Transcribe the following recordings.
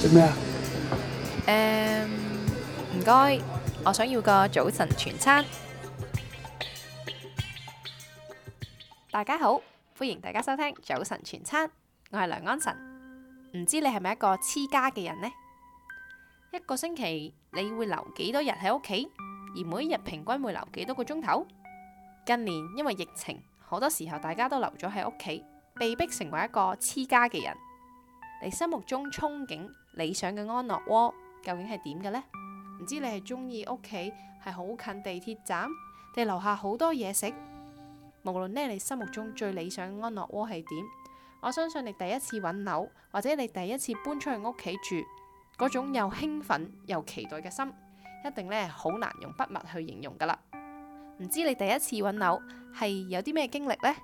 食咩啊？誒，唔該，我想要個早晨全餐。大家好，歡迎大家收聽早晨全餐。我係梁安臣。唔知你係咪一個黐家嘅人呢？一個星期你會留幾多日喺屋企？而每一日平均會留幾多個鐘頭？近年因為疫情，好多時候大家都留咗喺屋企，被逼成為一個黐家嘅人。你心目中憧憬？理想嘅安樂窩究竟係點嘅呢？唔知你係中意屋企係好近地鐵站，定樓下好多嘢食？無論呢，你心目中最理想嘅安樂窩係點，我相信你第一次揾樓，或者你第一次搬出去屋企住嗰種又興奮又期待嘅心，一定呢好難用筆墨去形容噶啦。唔知你第一次揾樓係有啲咩經歷呢？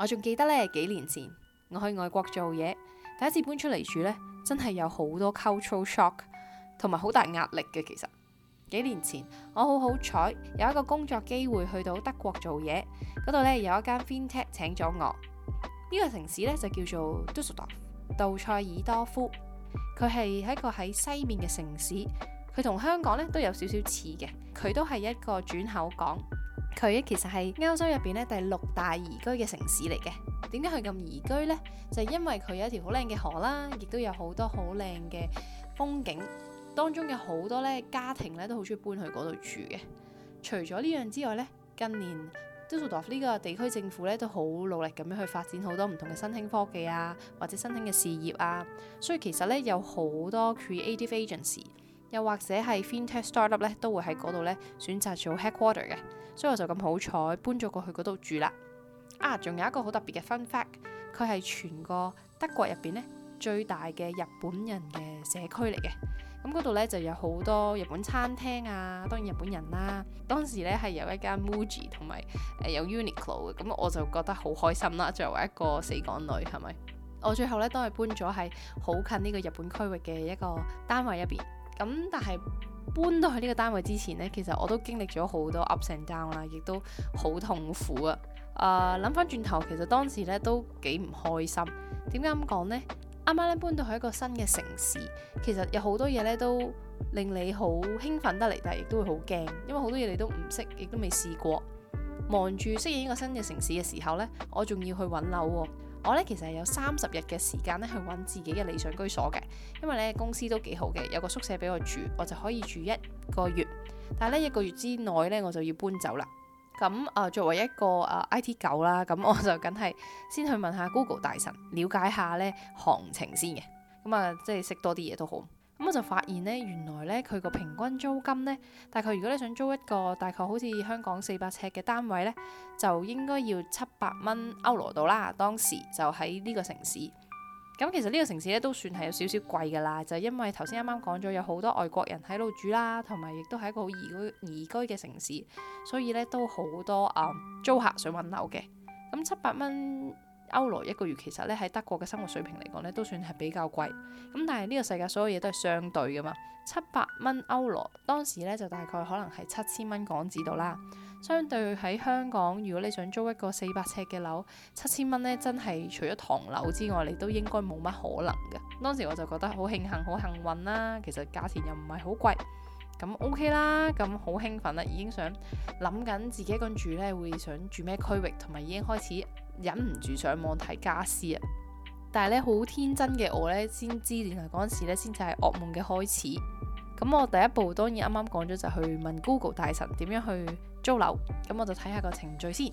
我仲記得呢，幾年前我去外國做嘢，第一次搬出嚟住呢。真係有好多 cultural shock 同埋好大壓力嘅。其實幾年前我好好彩有一個工作機會去到德國做嘢，嗰度呢，有一間 fintech 請咗我。呢、呢個城市呢，就叫做 Dusseldorf，杜塞爾多夫，佢係一個喺西面嘅城市。佢同香港呢都有少少似嘅，佢都係一個轉口港。佢其實係歐洲入邊呢第六大宜居嘅城市嚟嘅。點解佢咁宜居呢？就係因為佢有一條好靚嘅河啦，亦都有好多好靚嘅風景。當中有好多咧家庭咧都好中意搬去嗰度住嘅。除咗呢樣之外咧，近年 Düsseldorf 呢個地區政府咧都好努力咁樣去發展好多唔同嘅新興科技啊，或者新興嘅事業啊。所以其實咧有好多 creative agency，又或者係 fintech startup 咧都會喺嗰度咧選擇做 headquarter 嘅。所以我就咁好彩搬咗過去嗰度住啦。啊，仲有一個好特別嘅 fun fact 佢係全個德國入邊咧最大嘅日本人嘅社區嚟嘅。咁嗰度咧就有好多日本餐廳啊，當然日本人啦、啊。當時咧係有一間 Muji 同埋誒有 Uniqlo 嘅，咁、呃、我就覺得好開心啦。作為一個死港女係咪？我最後咧都係搬咗喺好近呢個日本區域嘅一個單位入邊。咁但係搬到去呢個單位之前咧，其實我都經歷咗好多 up and down 啦，亦都好痛苦啊。啊，諗翻轉頭，其實當時咧都幾唔開心。點解咁講呢？啱啱咧搬到去一個新嘅城市，其實有好多嘢咧都令你好興奮得嚟，但係亦都會好驚，因為好多嘢你都唔識，亦都未試過。忙住適應呢個新嘅城市嘅時候呢，我仲要去揾樓喎。我呢其實係有三十日嘅時間咧去揾自己嘅理想居所嘅，因為呢公司都幾好嘅，有個宿舍俾我住，我就可以住一個月。但係呢一個月之內呢，我就要搬走啦。咁啊、呃，作為一個啊、呃、IT 狗啦，咁我就梗係先去問下 Google 大神，了解下呢行情先嘅。咁啊、呃，即係識多啲嘢都好。咁我就發現呢，原來呢，佢個平均租金呢，大概如果你想租一個大概好似香港四百尺嘅單位呢，就應該要七百蚊歐羅度啦。當時就喺呢個城市。咁其實呢個城市咧都算係有少少貴噶啦，就係、是、因為頭先啱啱講咗有好多外國人喺度住啦，同埋亦都係一個好宜居嘅城市，所以咧都好多啊、嗯、租客想揾樓嘅。咁七百蚊歐羅一個月，其實咧喺德國嘅生活水平嚟講咧都算係比較貴。咁但係呢個世界所有嘢都係相對噶嘛，七百蚊歐羅當時咧就大概可能係七千蚊港紙度啦。相對喺香港，如果你想租一個四百尺嘅樓，七千蚊呢，真係除咗唐樓之外，你都應該冇乜可能嘅。當時我就覺得好慶幸、好幸運啦。其實價錢又唔係好貴，咁 OK 啦。咁好興奮啦，已經想諗緊自己跟住呢會想住咩區域，同埋已經開始忍唔住上網睇家私啊。但係呢，好天真嘅我呢，先知原來嗰陣時呢，先至係噩夢嘅開始。咁我第一步當然啱啱講咗就是、去問 Google 大神點樣去。租樓咁，我就睇下個程序先。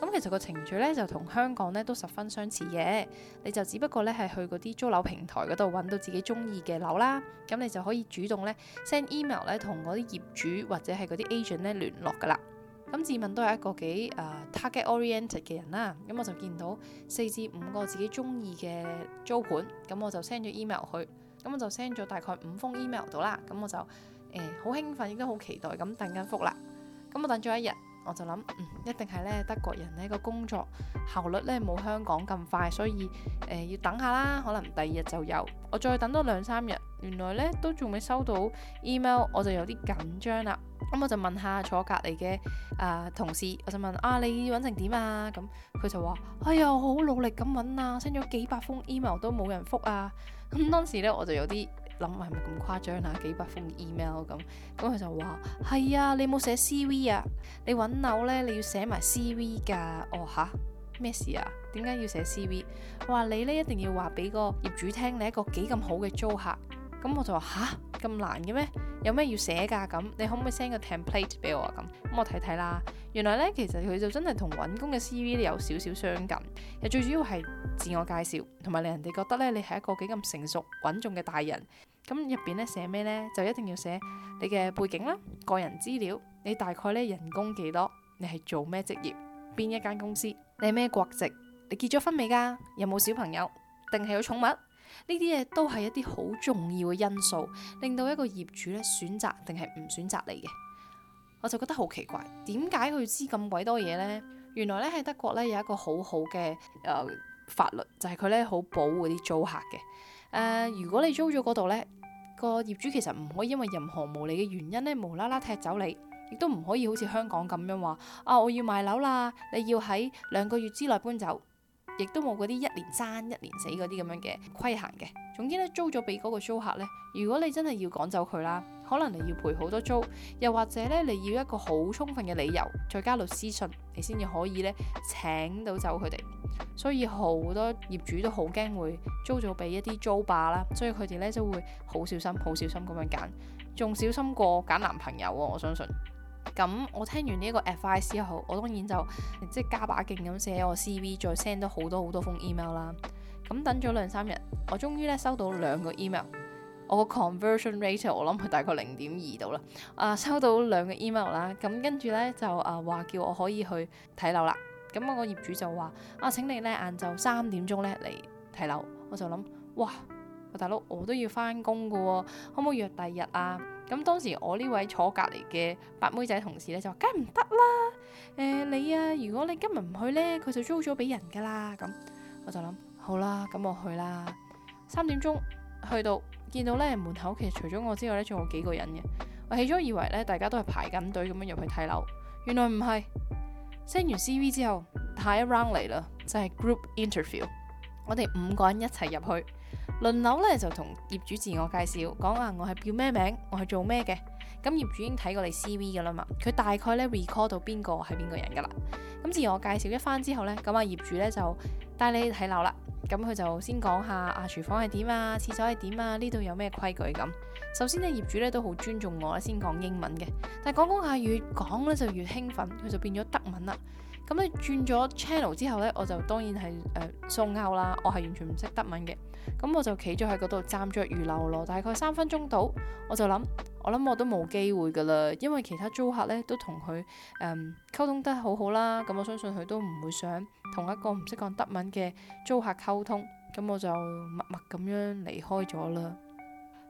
咁其實個程序咧就同香港咧都十分相似嘅。你就只不過咧係去嗰啲租樓平台嗰度揾到自己中意嘅樓啦。咁你就可以主動咧 send email 咧同嗰啲業主或者係嗰啲 agent 咧聯絡噶啦。咁自問都係一個幾誒、呃、target oriented 嘅人啦。咁我就見到四至五個自己中意嘅租盤，咁我就 send 咗 email 去。咁我就 send 咗大概五封 email 到啦。咁我就誒好、呃、興奮，亦都好期待咁等緊覆啦。咁我等咗一日，我就諗，嗯，一定係咧德國人呢個工作效率咧冇香港咁快，所以誒、呃、要等下啦，可能第二日就有。我再等多兩三日，原來咧都仲未收到 email，我就有啲緊張啦。咁我就問下坐隔離嘅啊同事，我就問啊你揾成點啊？咁佢、啊、就話，哎呀，好努力咁揾啊，send 咗幾百封 email 都冇人覆啊。咁當時咧我就有啲。諗埋係咪咁誇張啊？幾百封 email 咁咁，佢就話係 啊。你冇寫 CV 啊？你揾樓呢？你要寫埋 CV 㗎。哦，吓？咩事啊？點解要寫 CV？佢話你呢一定要話俾個業主聽，你一個幾咁好嘅租客。咁、嗯、我就話吓？咁難嘅咩？有咩要寫㗎？咁你可唔可以 send 個 template 俾我啊？咁咁、嗯、我睇睇啦。原來呢，其實佢就真係同揾工嘅 CV 有少少相近。其實最主要係自我介紹，同埋令人哋覺得呢，你係一個幾咁成熟穩重嘅大人。咁入邊咧寫咩呢？就一定要寫你嘅背景啦、個人資料。你大概咧人工幾多？你係做咩職業？邊一間公司？你係咩國籍？你結咗婚未㗎？有冇小朋友？定係有寵物？呢啲嘢都係一啲好重要嘅因素，令到一個業主咧選擇定係唔選擇你嘅。我就覺得好奇怪，點解佢知咁鬼多嘢呢？原來咧喺德國咧有一個好好嘅誒法律，就係佢咧好保護啲租客嘅。誒，uh, 如果你租咗嗰度呢個業主其實唔可以因為任何無理嘅原因咧，無啦啦踢走你，亦都唔可以好似香港咁樣話，啊我要賣樓啦，你要喺兩個月之內搬走，亦都冇嗰啲一年生一年死嗰啲咁樣嘅規限嘅。總之咧，租咗俾嗰個租客呢，如果你真係要趕走佢啦。可能你要賠好多租，又或者咧你要一個好充分嘅理由，再加律師信，你先至可以咧請到走佢哋。所以好多業主都好驚會租咗俾一啲租霸啦，所以佢哋咧就會好小心，好小心咁樣揀，仲小心過揀男朋友啊！我相信。咁我聽完呢一個 advice 之後，我當然就即係加把勁咁寫我 CV，再 send 多好多好多封 email 啦。咁等咗兩三日，我終於咧收到兩個 email。我個 conversion rate 我諗佢大概零點二度啦。啊，收到兩個 email 啦，啊，咁跟住咧就啊話叫我可以去睇樓啦。咁、啊、我個業主就話啊，請你咧晏晝三點鐘咧嚟睇樓。我就諗哇，啊、大佬我都要翻工噶，可唔可以約第二日啊？咁當時我呢位坐隔離嘅白妹仔同事咧就話：梗係唔得啦，誒、呃、你啊，如果你今日唔去咧，佢就租咗俾人噶啦。咁、啊、我就諗好啦，咁我去啦。三點鐘去到。見到咧門口，其實除咗我之外咧，仲有幾個人嘅。我起初以為咧，大家都係排緊隊咁樣入去睇樓，原來唔係。升完 CV 之後 t 一 round 嚟啦，就係、是、group interview。我哋五個人一齊入去，輪流咧就同業主自我介紹，講啊我係叫咩名，我係做咩嘅。咁業主已經睇過你 CV 噶啦嘛，佢大概咧 recall 到邊個係邊個人噶啦。咁自我介紹一番之後咧，咁啊業主咧就～你睇樓啦，咁佢就先講下啊，廚房係點啊，廁所係點啊，呢度、啊、有咩規矩咁。首先呢，業主咧都好尊重我，先講英文嘅。但係講講下越講咧就越興奮，佢就變咗德文啦。咁你轉咗 channel 之後呢，我就當然係誒、呃、送口啦。我係完全唔識德文嘅，咁我就企咗喺嗰度站着如流羅，大概三分鐘到，我就諗。我諗我都冇機會㗎喇，因為其他租客呢都同佢誒溝通得好好啦，咁、嗯、我相信佢都唔會想同一個唔識講德文嘅租客溝通，咁、嗯、我就默默咁樣離開咗啦。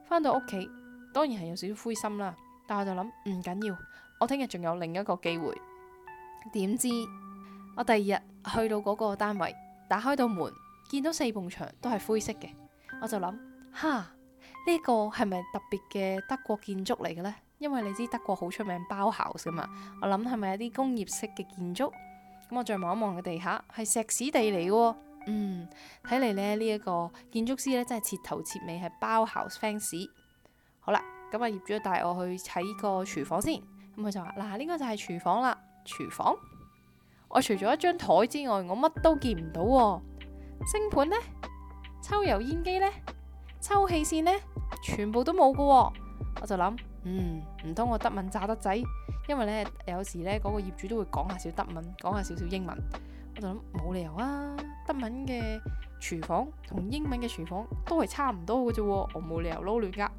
返到屋企，當然係有少少灰心啦，但我就諗唔緊要，我聽日仲有另一個機會。點知我第二日去到嗰個單位，打開到門，見到四埲牆都係灰色嘅，我就諗，哈！呢個係咪特別嘅德國建築嚟嘅呢？因為你知德國好出名 Bauhaus 噶嘛，我諗係咪一啲工業式嘅建築？咁我再望一望個地下，係石屎地嚟嘅喎。嗯，睇嚟咧呢一、這個建築師呢，真係切頭切尾係 Bauhaus fans。好啦，咁啊業主帶我去睇個廚房先。咁佢就話：嗱、啊，呢、這個就係廚房啦。廚房，我除咗一張台之外，我乜都見唔到喎、哦。星盆咧，抽油煙機呢？抽氣線呢，全部都冇㗎喎，我就諗，嗯，唔通我德文炸得仔？因為呢，有時呢，嗰個業主都會講下少德文，講下少少英文，我就諗冇理由啊，德文嘅廚房同英文嘅廚房都係差唔多嘅啫，我冇理由撈亂噶。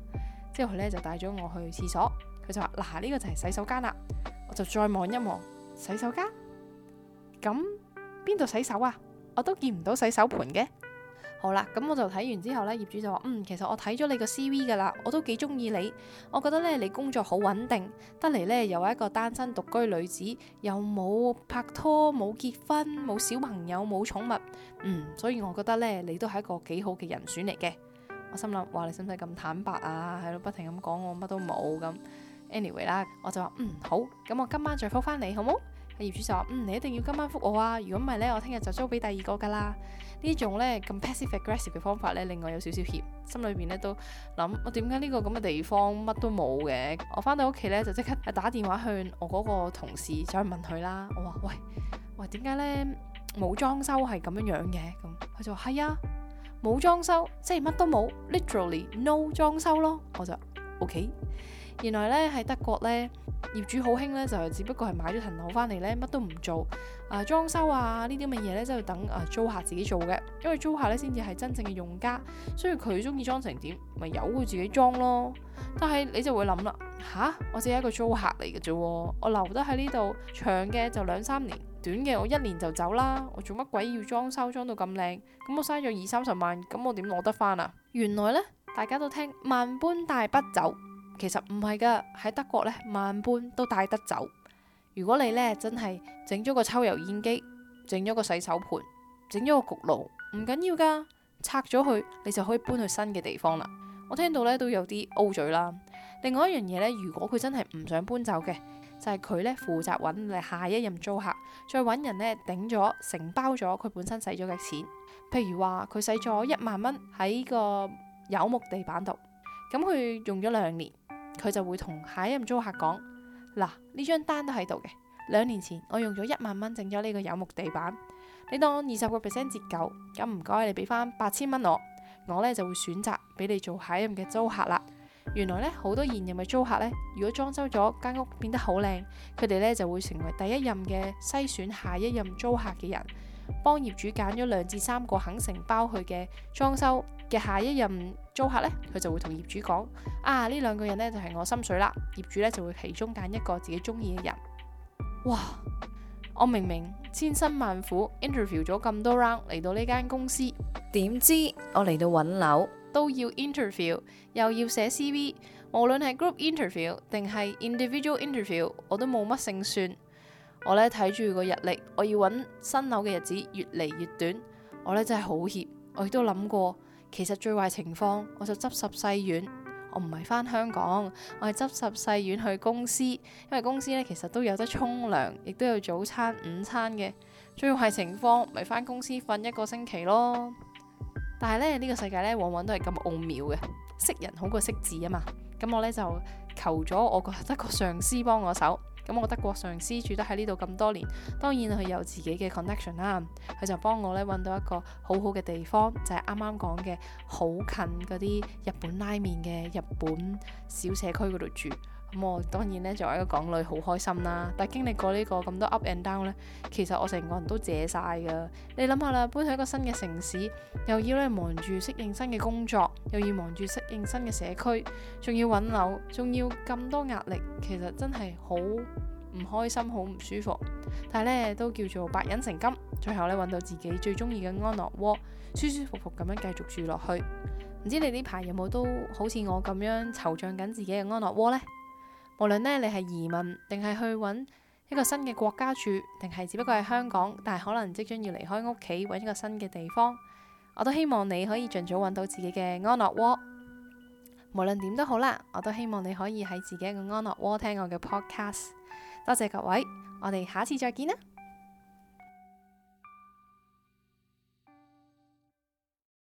之後佢呢就帶咗我去廁所，佢就話嗱，呢個就係洗手間啦。我就再望一望洗手間，咁邊度洗手啊？我都見唔到洗手盤嘅。好啦，咁我就睇完之後呢，業主就話，嗯，其實我睇咗你個 CV 噶啦，我都幾中意你，我覺得呢，你工作好穩定，得嚟呢又係一個單身獨居女子，又冇拍拖，冇結婚，冇小朋友，冇寵物，嗯，所以我覺得呢，你都係一個幾好嘅人選嚟嘅。我心諗，哇，你使唔使咁坦白啊？喺度不停咁講我乜都冇咁。Anyway 啦，我就話，嗯，好，咁我今晚再覆翻你，好冇？業主就話：嗯，你一定要今晚覆我啊！如果唔係咧，我聽日就租俾第二個㗎啦。種呢種咧咁 passive aggressive 嘅方法咧，令我有少少怯，心裏邊咧都諗我點解呢個咁嘅地方乜都冇嘅。我返到屋企咧就即刻打電話向我嗰個同事走去問佢啦。我話：喂，喂，點解咧冇裝修係咁樣樣嘅？咁佢就話：係啊，冇裝修，即係乜都冇，literally no 裝修咯。我就。Okay. 原來呢，喺德國呢，業主好興呢、啊啊、呢，就係只不過係買咗層樓翻嚟呢，乜都唔做啊，裝修啊呢啲咁嘅嘢呢，就等啊租客自己做嘅，因為租客呢，先至係真正嘅用家，所以佢中意裝成點，咪由佢自己裝咯。但係你就會諗啦，吓、啊？我只係一個租客嚟嘅啫，我留得喺呢度長嘅就兩三年，短嘅我一年就走啦。我做乜鬼要裝修裝到咁靚？咁我嘥咗二三十萬，咁我點攞得翻啊？原來呢。大家都聽萬般帶不走，其實唔係噶。喺德國呢，萬般都帶得走。如果你呢真係整咗個抽油煙機，整咗個洗手盤，整咗個焗爐，唔緊要噶，拆咗佢，你就可以搬去新嘅地方啦。我聽到呢都有啲 O 嘴啦。另外一樣嘢呢，如果佢真係唔想搬走嘅，就係、是、佢呢負責揾你下一任租客，再揾人呢頂咗承包咗佢本身使咗嘅錢。譬如話佢使咗一萬蚊喺、這個。柚木地板度，咁佢用咗兩年，佢就會同下一任租客講：嗱，呢張單都喺度嘅，兩年前我用咗一萬蚊整咗呢個柚木地板，你當我二十個 percent 折舊，咁唔該你俾翻八千蚊我，我呢就會選擇俾你做下一任嘅租客啦。原來呢，好多現任嘅租客呢，如果裝修咗間屋變得好靚，佢哋呢就會成為第一任嘅篩選下一任租客嘅人。幫業主揀咗兩至三個肯承包佢嘅裝修嘅下一任租客呢，佢就會同業主講：啊呢兩個人呢，就係我心水啦！業主呢就會其中揀一個自己中意嘅人。哇！我明明千辛萬苦 interview 咗咁多 round 嚟，到呢間公司，點知我嚟到揾樓都要 interview，又要寫 CV，無論係 group interview 定係 individual interview，我都冇乜勝算。我呢睇住個日曆，我要搵新樓嘅日子越嚟越短，我呢真係好怯。我亦都諗過，其實最壞情況，我就執拾細院。我唔係翻香港，我係執拾細院去公司，因為公司呢其實都有得沖涼，亦都有早餐、午餐嘅。最壞情況，咪翻公司瞓一個星期咯。但係呢，呢個世界呢，往往都係咁奧妙嘅，識人好過識字啊嘛。咁我呢就求咗，我覺得個上司幫我手。咁我德國上司住得喺呢度咁多年，當然佢有自己嘅 connection 啦，佢就幫我呢揾到一個好好嘅地方，就係啱啱講嘅好近嗰啲日本拉麵嘅日本小社區嗰度住。咁啊、嗯，當然咧，作為一個港女，好開心啦！但係經歷過呢、呢個咁多 up and down 呢，其實我成個人都謝晒㗎。你諗下啦，搬去一個新嘅城市，又要咧忙住適應新嘅工作，又要忙住適應新嘅社區，仲要揾樓，仲要咁多壓力，其實真係好唔開心，好唔舒服。但係咧，都叫做百忍成金，最後咧揾到自己最中意嘅安樂窩，舒舒服服咁樣繼續住落去。唔知你呢排有冇都好似我咁樣惆悵緊自己嘅安樂窩呢？無論呢，你係移民定係去搵一個新嘅國家住，定係只不過係香港，但係可能即將要離開屋企，搵一個新嘅地方，我都希望你可以盡早搵到自己嘅安樂窩。無論點都好啦，我都希望你可以喺自己一個安樂窩聽我嘅 podcast。多謝各位，我哋下次再見啦。